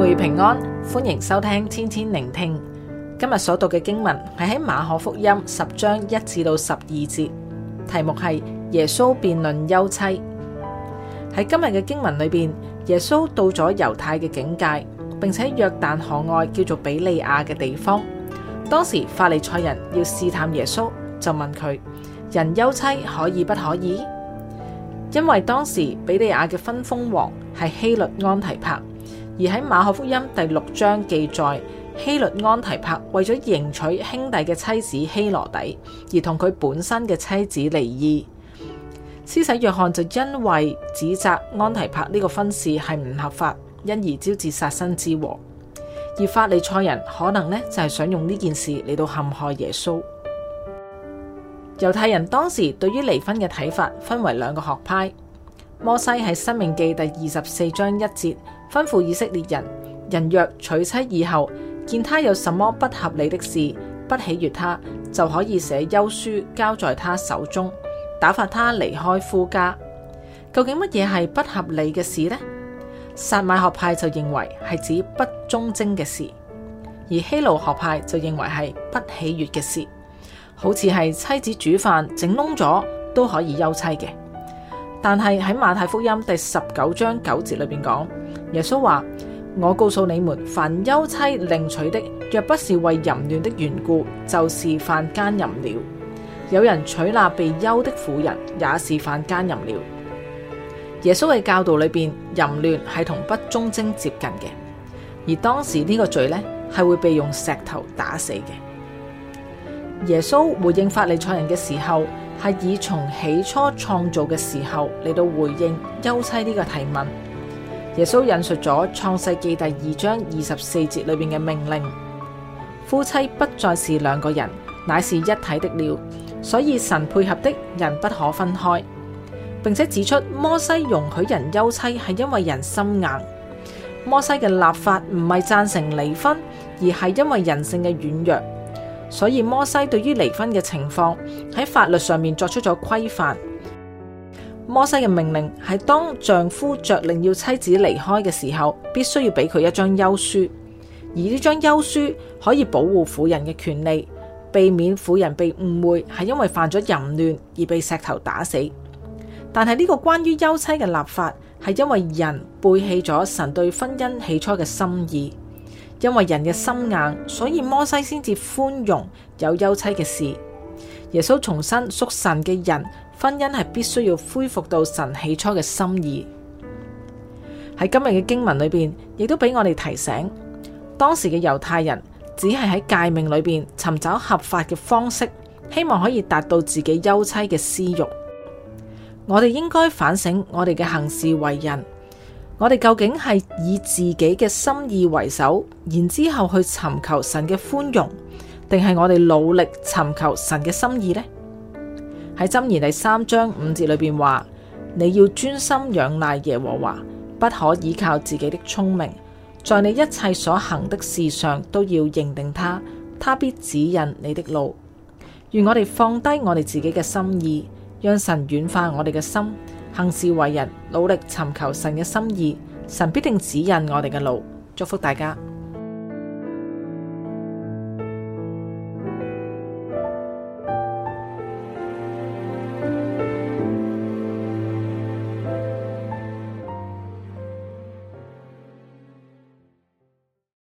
各位平安，歡迎收聽天天靈聽。今日所讀嘅經文係喺馬可福音十章一至到十二節，題目係耶穌辯論休妻。喺今日嘅經文裏邊，耶穌到咗猶太嘅境界，並且約旦河外叫做比利亞嘅地方。當時法利賽人要試探耶穌，就問佢：人休妻可以不可以？因為當時比利亞嘅分封王係希律安提帕。而喺馬可福音第六章記載，希律安提帕為咗迎娶兄弟嘅妻子希羅底，而同佢本身嘅妻子離異。施洗約翰就因為指責安提帕呢個婚事係唔合法，因而招致殺身之禍。而法利賽人可能呢，就係想用呢件事嚟到陷害耶穌。猶太人當時對於離婚嘅睇法分為兩個學派。摩西喺《申命記》第二十四章一節吩咐以色列人：人若娶妻以後，見他有什麼不合理的事，不喜悅他，就可以寫休書交在他手中，打發他離開夫家。究竟乜嘢係不合理嘅事呢？撒買學派就認為係指不忠貞嘅事，而希路學派就認為係不喜悅嘅事，好似係妻子煮飯整燶咗都可以休妻嘅。但係喺馬太福音第十九章九節裏邊講，耶穌話：我告訴你們，凡休妻另娶的，若不是爲淫亂的緣故，就是犯姦淫了。有人娶那被休的婦人，也是犯姦淫了。耶穌嘅教導裏邊，淫亂係同不忠貞接近嘅，而當時呢個罪呢，係會被用石頭打死嘅。耶穌回應法利賽人嘅時候，係以從起初創造嘅時候嚟到回應休妻呢個提問，耶穌引述咗創世記第二章二十四節裏邊嘅命令：夫妻不再是兩個人，乃是一體的了。所以神配合的人不可分開，並且指出摩西容許人休妻係因為人心硬，摩西嘅立法唔係贊成離婚，而係因為人性嘅軟弱。所以摩西對於離婚嘅情況喺法律上面作出咗規範。摩西嘅命令係當丈夫着令要妻子離開嘅時候，必須要俾佢一張休書。而呢張休書可以保護婦人嘅權利，避免婦人被誤會係因為犯咗淫亂而被石頭打死。但係呢個關於休妻嘅立法係因為人背棄咗神對婚姻起初嘅心意。因為人嘅心硬，所以摩西先至寬容有休妻嘅事。耶穌重申屬神嘅人，婚姻係必須要恢復到神起初嘅心意。喺今日嘅經文裏邊，亦都俾我哋提醒，當時嘅猶太人只係喺誡命裏邊尋找合法嘅方式，希望可以達到自己休妻嘅私慾。我哋應該反省我哋嘅行事為人。我哋究竟係以自己嘅心意為首，然之後去尋求神嘅寬容，定係我哋努力尋求神嘅心意呢？喺箴言第三章五節裏邊話：你要專心仰賴耶和華，不可倚靠自己的聰明，在你一切所行的事上都要認定他，他必指引你的路。願我哋放低我哋自己嘅心意，讓神軟化我哋嘅心。行事為人，努力尋求神嘅心意，神必定指引我哋嘅路。祝福大家。